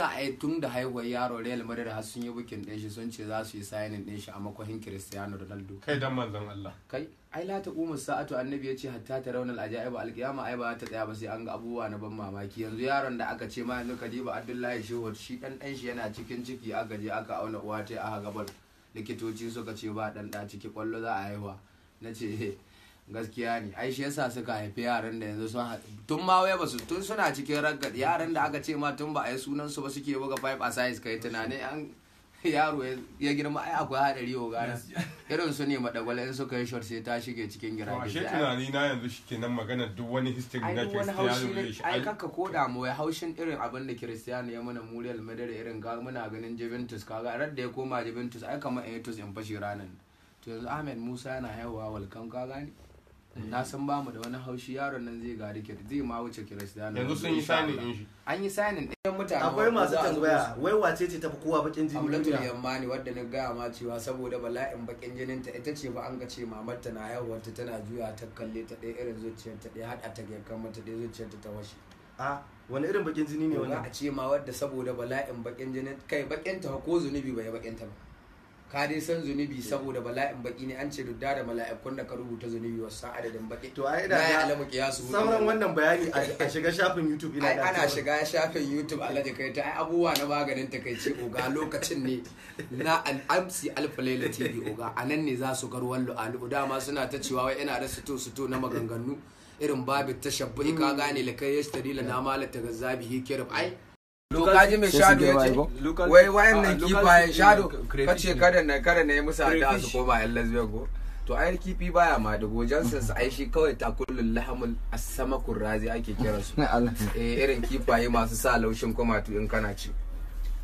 za a yi tun da haihuwar yaro real madrid har sun yi bukin din shi sun ce za su yi sayanin din shi a makwahin cristiano ronaldo kai dan manzon allah kai ai la ta umu sa'atu annabi ya ce hatta ta raunar ajaiba alkiyama ai ba ta tsaya ba sai an ga abubuwa na ban mamaki yanzu yaron da aka ce ma yanzu kadiba abdullahi shehu shi dan dan shi yana cikin ciki aka je aka auna uwa ta aka gabal likitoci suka ce ba dan da ciki kwallo za a haihuwa na ce eh, gaskiya ne ai shi yasa suka haifi yaran da yanzu sun tun ma wai basu tun suna cikin ragad yaran da aka ce ma tun ba a yi sunan su ba suke buga five a size kai tunani an yaro ya girma ai akwai hadari wa gara irin su ne madagwal in suka yi short sai ta shige cikin gira gida shi tunani na yanzu shi kenan magana duk wani history na Cristiano ai kanka ko da mu wai haushin irin abin da Cristiano ya mana muriyal madara irin ga muna ganin Juventus kaga ran da ya koma Juventus ai kamar Juventus in fashi ranan to yanzu Ahmed Musa yana haihuwa walkan ka gani na san ba mu da wani haushi yaron nan zai gari kir zai ma wuce Cristiano yanzu sun yi sani din shi an yi sanin ɗayan mutane akwai masu tambaya wai wace ce tafi kowa bakin jini yamma ne wadda na gaya ma cewa saboda bala'in bakin jinin ta ita ce ba an ga ce mamar ta na haihuwar ta tana juya ta kalle ta ɗaya irin zuciyar ta ɗaya haɗa ta gaggan mata ɗaya zuciyar ta ta washe a wani irin bakin jini ne wani a ce ma wadda saboda bala'in bakin jinin kai bakin ta ko zunubi bai bakin ta ba ka dai san zunubi saboda bala'in baki ne an ce dudda da mala'ikun da ka rubuta zunubi wasu adadin baki to ai da ya alamu kiyasu sauran wannan bayani a shiga shafin youtube ina da ana shiga shafin youtube alhaji kai ta ai abubuwa na maganin ta kai ce oga lokacin ne na al'amsi alfalaila tv oga a nan ne za su ga ruwan lu'alu dama suna ta cewa wai ina da suto suto na maganganu irin babu tashabbuhi ka gane lakai yashtari la namala ta gazabi hikirab ai to mai ya ce wai wayannan kada na kada na yi musu addu'a su koma yan lesbian ko to ayar kifi baya ma gojan sun su aishi shi kawai kullun lahamul asamakun razi ake kira su eh irin kifaye masu sa laushin kuma to in kana ci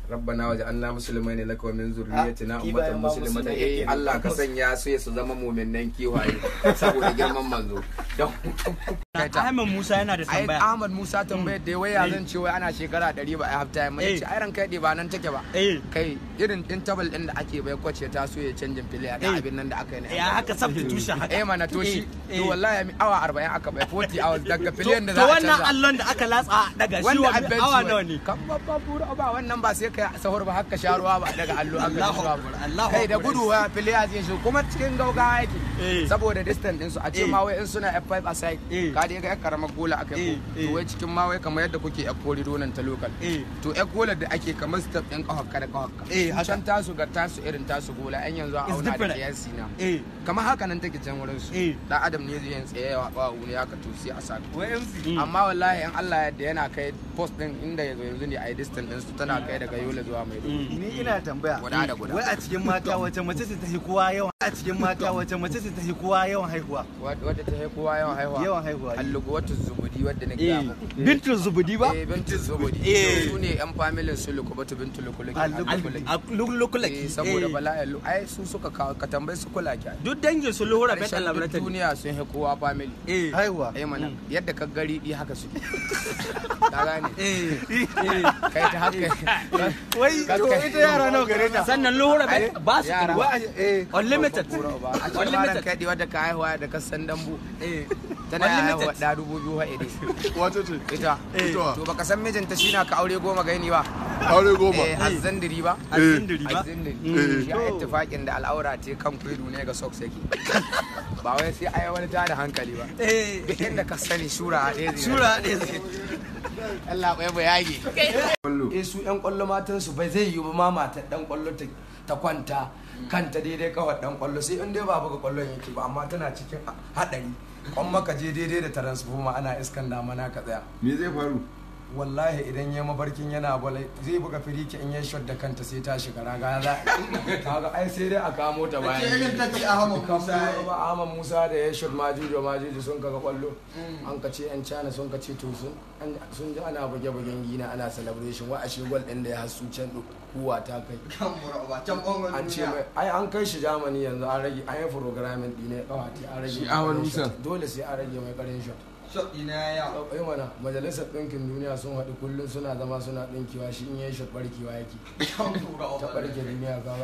rabbana waje an na musulmai ne laka min zurriyatina ummatan muslimata eh Allah ka sanya su ya su zama muminnan kiwaye saboda girman manzo tambaye Musa yana da tambaya Ahmad Musa hmm. da ya eh. zan ce wai ana shekara 100 ba a half time eh. ce iron kai ba nan take ba eh. kai irin din ɗin din da ake bai kwace ta so ya canjin player da abin nan da aka yi ya haka a haka eh mana to to wallahi awa 40 aka bai 40 hours daga player da za a canza to wannan allon da aka latsa daga shi awa nawa ne kan buru ba wannan ba sai sahur ba haka ba daga allo kai da gudu wa player zai shi kuma cikin gaugawa yake saboda distance din su a ce ma wai in suna F5 aside ka ya ga karamar gola aka yi to wai cikin ma wai kamar yadda kuke yar kori donan ta lokal to yar gola da ake kamar step ɗin kahokka da kahokka can tasu ga tasu irin tasu gola yan yanzu a auna da kiyasi na kamar haka nan take can wurin su da adam ne zai yin tsaye wa ne haka to sai a sa amma wallahi in Allah ya yarda yana kai post din inda yanzu yanzu ne a distance din su tana mm. kai daga yola zuwa mai mm. ni ina tambaya wai a cikin mata wace mace ce ta hi kowa yawan a cikin mata wace mace ce ta hi kowa yawan haihuwa wadda ta hi kowa yawan haihuwa yawan haihuwa wata zubudi wadda nake eh. ga bintu zubudi ba eh bintu zubudi eh su ne yan family su lukubatu bintu luku luku eh, saboda eh. bala'in ai su suka ka tambayi su kula ki duk dangin su luhura betan laboratory duniya sun haihuwa family eh haihuwa eh mana mm. yadda ka gari haka su ka gane kai ta haka wai to ita yara nawa gare ta sannan lura ba su kuma unlimited unlimited kai diwa da ka haihuwa da ka san dambu tana haihuwa da dubu biyu haɗe wato ce ita to baka san mijinta shi na ka aure goma gaini ba aure goma eh hazzandiri ba hazzandiri ba hazzandiri ya ittifaqin da al'aura ce kan kwedu ne ga socks yake ba wai sai ai wani da hankali ba eh inda ka sani shura a ɗaya shura Allah ya bayani eh su yan kwallo matan su bai zai yi ba ma mata ɗan kwallo ta kwanta kanta daidai kawai ɗan ƙwallo sai in dai ba buga ƙwallon yake ba amma tana cikin hadari kwan maka je daidai da transformer ana iskan damana ka tsaya me zai faru wallahi idan ya mabarkin yana bala zai buga firiki in ya shot da kanta sai ta shiga raga za kaga ai sai dai a kamo ta bayan ke irin take Ahmad Musa Ahmad Musa da ya shot majuju majuju sun kaga kwallo mm. an kace yan cana sun kace to sun sun ji ana buge bugen gina ana celebration wa ashe gol din da ya hasu can kuwa ta kai kan muraba can bangon an ce mai ai an kai shi Germany yanzu an rage an yi programming din ne kawai an rage shi Ahmad Musa dole sai an rage mai karin shot ina mana majalisar ɗinkin duniya sun haɗu kullum suna zama suna ɗinkiwa shi in yi shi ɓarkewa yake ta ɓarke duniya ba.